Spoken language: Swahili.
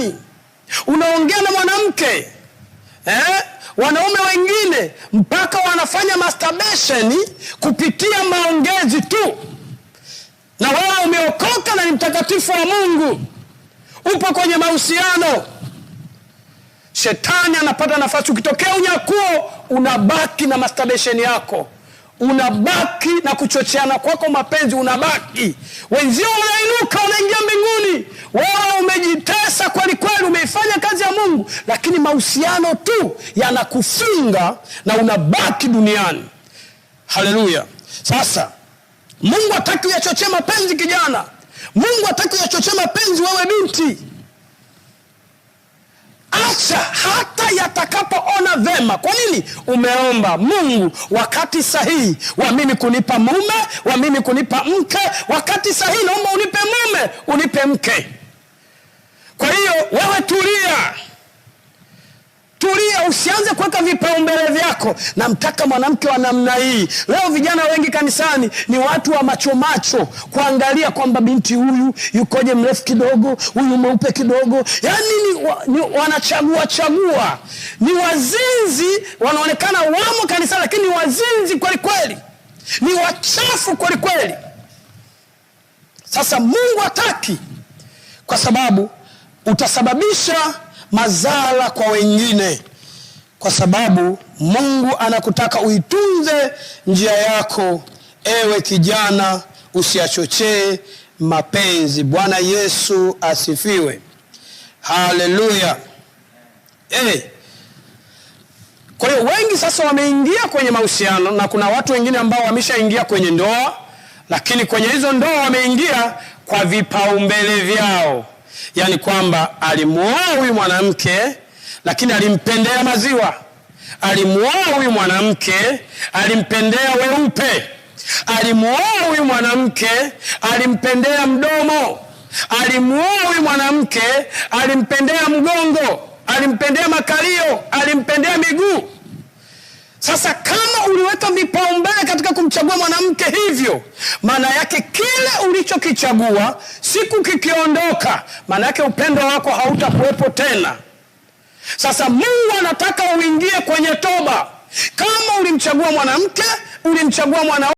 fulani, unaongea na mwanamke eh? Wanaume wengine mpaka wanafanya masturbation kupitia maongezi tu, na wewe umeokoka na ni mtakatifu wa Mungu, upo kwenye mahusiano, shetani anapata nafasi. Ukitokea unyakuo, unabaki na masturbation yako unabaki na kuchocheana kwako mapenzi, unabaki wenzio, unainuka unaingia mbinguni. Wewe umejitesa kweli kweli, umeifanya kazi ya Mungu, lakini mahusiano tu yanakufunga na unabaki duniani. Haleluya! Sasa Mungu hataki uyachochee mapenzi, kijana. Mungu hataki uyachochee mapenzi, wewe binti. Acha haki yatakapoona vema. Kwa nini? Umeomba Mungu wakati sahihi wa mimi kunipa mume, wa mimi kunipa mke. Wakati sahihi naomba unipe mume, unipe mke. Kwa hiyo wewe tulia, tulia, usianze kuweka vipaumbele yako, namtaka mwanamke wa namna hii. Leo vijana wengi kanisani ni watu wa macho macho, kuangalia kwamba binti huyu yukoje, mrefu kidogo, huyu mweupe kidogo, yani ni, wa, ni wanachagua chagua, ni wazinzi, wanaonekana wamo kanisani lakini ni wazinzi kweli kweli, ni wachafu kweli kweli. Sasa Mungu hataki, kwa sababu utasababisha madhara kwa wengine kwa sababu Mungu anakutaka uitunze njia yako. Ewe kijana, usiachochee mapenzi. Bwana Yesu asifiwe, haleluya. Hey. Kwa hiyo wengi sasa wameingia kwenye mahusiano na kuna watu wengine ambao wameshaingia kwenye ndoa, lakini kwenye hizo ndoa wameingia kwa vipaumbele vyao, yaani kwamba alimuoa huyu mwanamke lakini alimpendea maziwa, alimwoa huyu mwanamke, alimpendea weupe, alimwoa huyu mwanamke, alimpendea mdomo, alimwoa huyu mwanamke, alimpendea mgongo, alimpendea makalio, alimpendea miguu. Sasa kama uliweka vipaumbele katika kumchagua mwanamke hivyo, maana yake kile ulichokichagua siku kikiondoka, maana yake upendo wako hautakuwepo tena. Sasa Mungu anataka uingie kwenye toba. Kama ulimchagua mwanamke, ulimchagua mwana